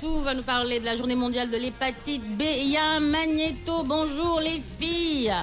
Tout va nous parler de la journée mondiale de l'hépatite B. Il y a un magnéto. Bonjour les filles.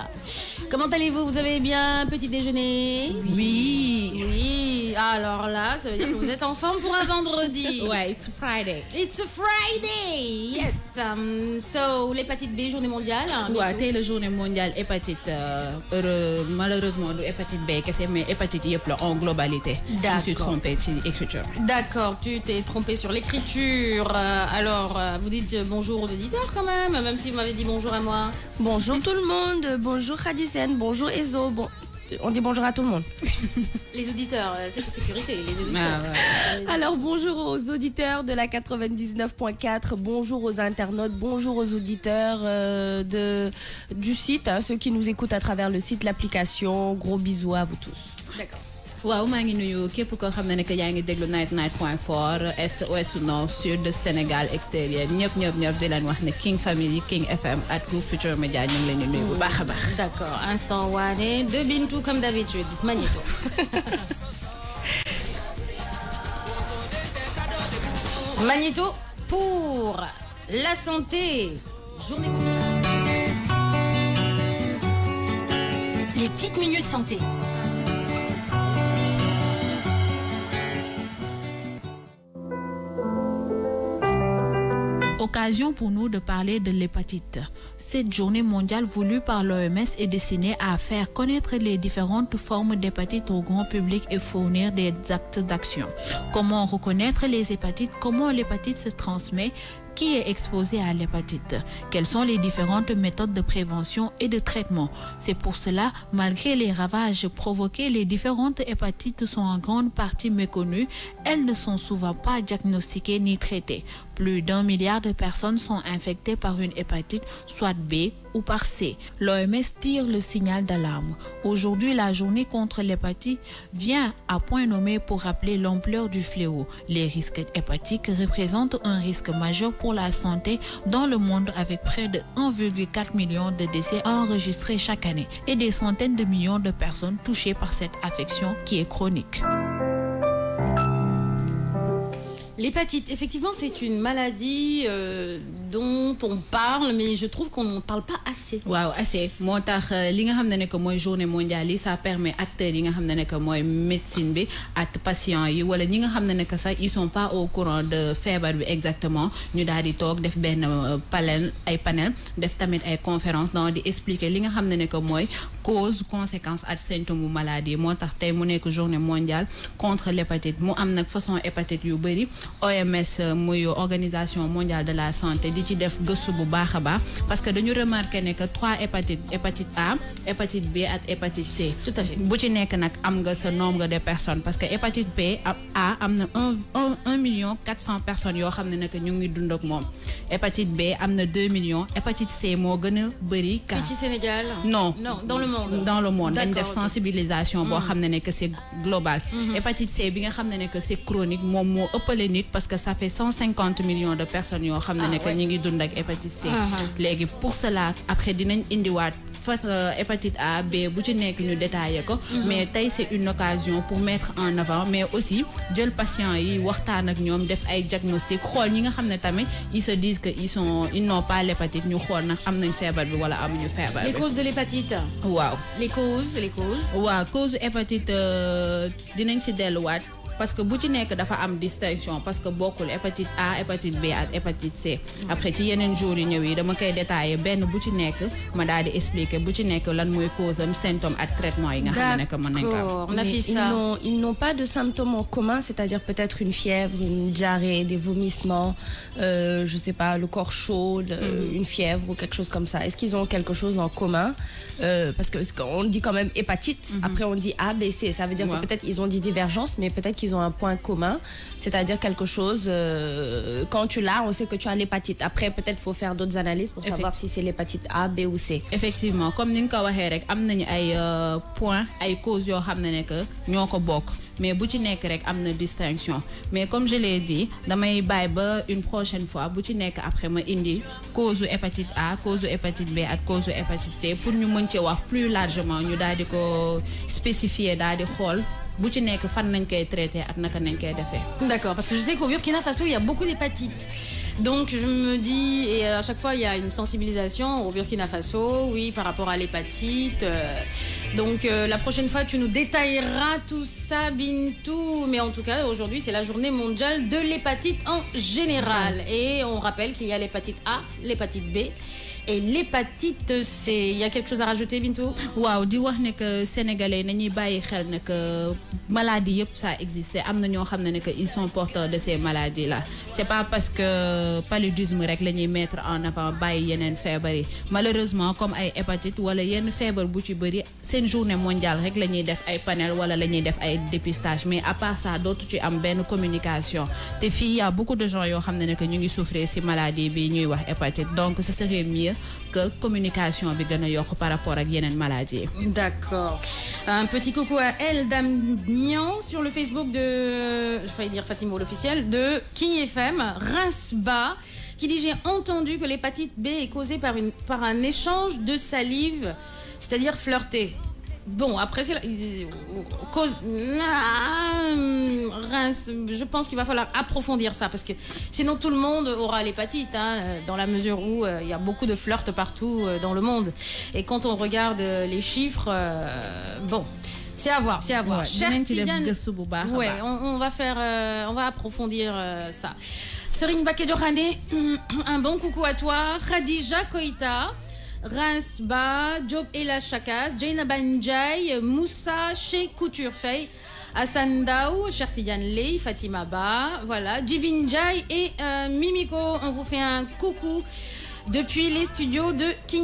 Comment allez-vous Vous avez bien petit déjeuner Oui. Oui alors là, ça veut dire que vous êtes en forme pour un vendredi. ouais, it's Friday. It's Friday, yes. Um, so, l'hépatite B, journée mondiale. Hein, ouais, t'es la journée mondiale hépatite euh, malheureusement quest hépatite B c'est mais hépatite a plein en globalité. Je me suis trompée sur l'écriture. D'accord, tu t'es trompée sur l'écriture. Euh, alors, euh, vous dites euh, bonjour aux éditeurs quand même, même si vous m'avez dit bonjour à moi. Bonjour tout le monde, bonjour Hadisène. bonjour Ezo, bon, on dit bonjour à tout le monde. Les auditeurs, euh, c'est sécurité, les auditeurs. Ah, Alors bonjour aux auditeurs de la 99.4, bonjour aux internautes, bonjour aux auditeurs euh, de, du site, hein, ceux qui nous écoutent à travers le site, l'application. Gros bisous à vous tous. D'accord waaw maa ngi nuyu képp koo xam ne que yaa ngi déglu night night point fort est ouest sur sud Sénégal extérieur ñëpp ñëpp ñëpp di leen wax ne King Family King FM at groupe Future Media ñu ngi leen di nuyu bu baax a baax. Mm. d'accord instant waane de Bintou comme d'habitude Magneto. Magneto pour la santé. Journée. Les petites minutes santé. Occasion pour nous de parler de l'hépatite. Cette journée mondiale voulue par l'OMS est destinée à faire connaître les différentes formes d'hépatite au grand public et fournir des actes d'action. Comment reconnaître les hépatites Comment l'hépatite se transmet qui est exposé à l'hépatite. Quelles sont les différentes méthodes de prévention et de traitement C'est pour cela, malgré les ravages provoqués, les différentes hépatites sont en grande partie méconnues. Elles ne sont souvent pas diagnostiquées ni traitées. Plus d'un milliard de personnes sont infectées par une hépatite, soit B ou par C. L'OMS tire le signal d'alarme. Aujourd'hui, la journée contre l'hépatite vient à point nommé pour rappeler l'ampleur du fléau. Les risques hépatiques représentent un risque majeur pour la santé dans le monde avec près de 1,4 million de décès enregistrés chaque année et des centaines de millions de personnes touchées par cette affection qui est chronique. L'hépatite, effectivement, c'est une maladie euh, dont on parle mais je trouve qu'on n'en parle pas assez. Wow, assez mon tax euh, li nga xam journée mondiale ça permet à yi nga xam ne ne médecine bi ak patients yi wala ñi nga xam ça, ils sont pas au courant de faire bi exactement ñu daal di toog def benn euh, panel ay panel def tamit ay conférence donc di expliquer li nga xam cause conséquence symptômes de maladie mo tax tay mu une journée mondiale contre l'hépatite mu am nak façon hépatite yu OMS euh, muy organisation mondiale de la santé di ci def gëstu bu baax parce que dañu remarqué nek que trois hépatites hépatite A hépatite B et hépatite C. tout à fait bu ci nek nak am nga nombre de personnes parce que hépatite B A amna 1 un million de personnes yo xamné que ñu ngi dund ak hépatite B amna 2 millions hépatite C mo gëna a bëri. fii ci Sénégal non non dans le monde. dans le monde dañ def sensibilisation une xamné pour que c'est global. Mm-hmm. hépatite C bi nga xamné chronique mom mo nit parce que ça fait 150 millions de personnes qui ont ne ah, ngi dund ak hépatite C. Ah, ah. légui pour cela après dinañ indiwaat. Euh, hépatite A B bu ci nekk ñu détaillé ko mm-hmm. mais c'est une occasion pour mettre en avant mais aussi jël patient yi waxtaan ak ñom def ay diagnostic ñi nga tamit ils se disent disent qu'ils sont ils n'ont pas l'hépatite ñu xool nag am nañ fièvre bi wala amuñu fièvre bi. les causes de l'hépatite waaw les causes les causes. waaw cause hépatite euh, dinañ si delluwaat parce que bu ci nekk dafa am distinction parce que beaucoup, hépatite A hépatite B ak hépatite C. après ci y jours yi ñëw yi dama koy détaillé benn bu ci nekk ma daal di expliquer bu ci nekk lan mooy cause symptôme ak traitement yi nga xam ils n'ont pas de symptômes en commun c'est-à-dire peut-être une fièvre une diarrhée des vomissements euh, je sais pas le corps chaud mm-hmm. une fièvre ou quelque chose comme ça est-ce qu'ils ont quelque chose en commun euh, parce qu'on dit quand même hépatite. Mm-hmm. après on dit A B C ça veut dire que peut-être ils ont des divergences mais peut-être ils ont un point commun, c'est-à-dire quelque chose, euh, quand tu l'as, on sait que tu as l'hépatite. Après, peut-être faut faire d'autres analyses pour savoir si c'est l'hépatite A, B ou C. Effectivement, comme nous avons dit, il y a des points, des causes qui sont mais bu ci nekk rek distinction mais comme je l'ai dit dans mes Bible, une prochaine fois bu ci nekk après ma indi cause hépatite A cause hépatite B et cause hépatite C pour nous montrer plus largement nous devons di ko spécifier daal di D'accord, parce que je sais qu'au Burkina Faso, il y a beaucoup d'hépatite. Donc je me dis, et à chaque fois il y a une sensibilisation au Burkina Faso, oui, par rapport à l'hépatite. Euh. donc euh, la prochaine fois tu nous détailleras tout ça, Bintou. Mais en tout cas aujourd'hui c'est la journée mondiale de l'hépatite en général. Et on rappelle qu'il y a l'hépatite A, l'hépatite B et l'hépatite C il y a quelque chose à rajouter Bintou Waouh! Dis moi, que les sénégalais n'ont pas xel ne maladies qui ça existe ils sont porteurs de ces maladies là Ce n'est pas parce que le paludisme est le mettre en avant bàyyi yeneen malheureusement comme ay hépatite wala yenn fièvre bu ci journée mondiale rek y des def ay panel wala a def mais à part ça d'autres tu am benn communication te il y a beaucoup de gens qui souffrent de ces maladies ngi souffrir hépatite donc ce serait mieux que communication avec le New par rapport à Yenen maladie. d'accord un petit coucou à El Nian sur le Facebook de je vais dire Fatima, l'officiel de King FM Reims Bas qui dit j'ai entendu que l'hépatite B est causée par une par un échange de salive c'est-à-dire flirter. Bon, après, c'est cause. Ah, je pense qu'il va falloir approfondir ça parce que sinon tout le monde aura l'hépatite hein, dans la mesure où euh, il y a beaucoup de flirts partout euh, dans le monde. Et quand on regarde euh, les chiffres, bon. C'est à voir, c'est à voir. on, va faire, on va approfondir ça. Serine Bakedjohane, un bon coucou à toi. Khadija Koita. Reims Ba, Job Ella Jaina Banjai, Moussa Chez Couturefei, Hassan Daou, Chertiyan Lei, Fatima Ba, voilà, Jibinjai et euh, Mimiko. On vous fait un coucou depuis les studios de King.